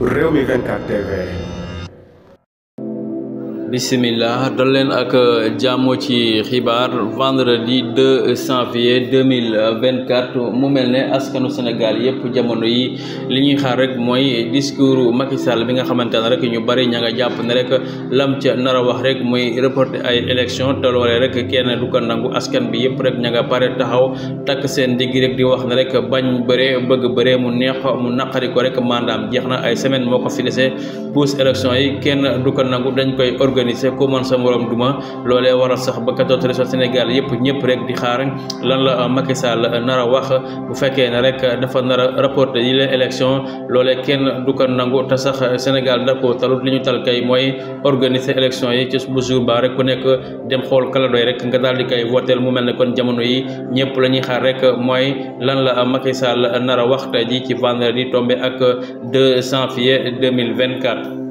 Rewmi 24 TV bismillah dal leen ak euh, jàmmo ci xibaar vendredi 2 janvier 2024 mu mel ne askanu Sénégal yëpp jamono yi li ñuy xaar rek mooy discours Macky Sall bi nga xamante ne rek ñu bari ña nga jàpp na rek lam ca nar a wax rek muy reporter ay élection te loolee rek kenn du ko nangu askan bi yëpp rek ña nga pare taxaw takk seen digg rek di wax ne rek bañ bëre bëgg bëree mu neex mu naqari ko rek mandaam jeex na ay semaine moo ko fi dese pousse élection yi kenn du nangu dañ koy organiser organisé man sa morom duma loolee waral sax ba 14 régions Sénégal yëpp ñëpp rek di xaar lan la Macky Sall nar a wax bu fekkee ne rek dafa nara a yi leen élection loolee kenn du ko nangu te sax Sénégal da ko talut li ñu tal kay mooy organiser élection yi ci bu jour ba rek ku nekk dem xool kala doy rek nga daal di kay votel mu mel ne kon jamono yi ñëpp la ñuy xaar rek mooy lan la Macky Sall nar waxta wax ji ci vendredi tombé ak 2 janvier 2024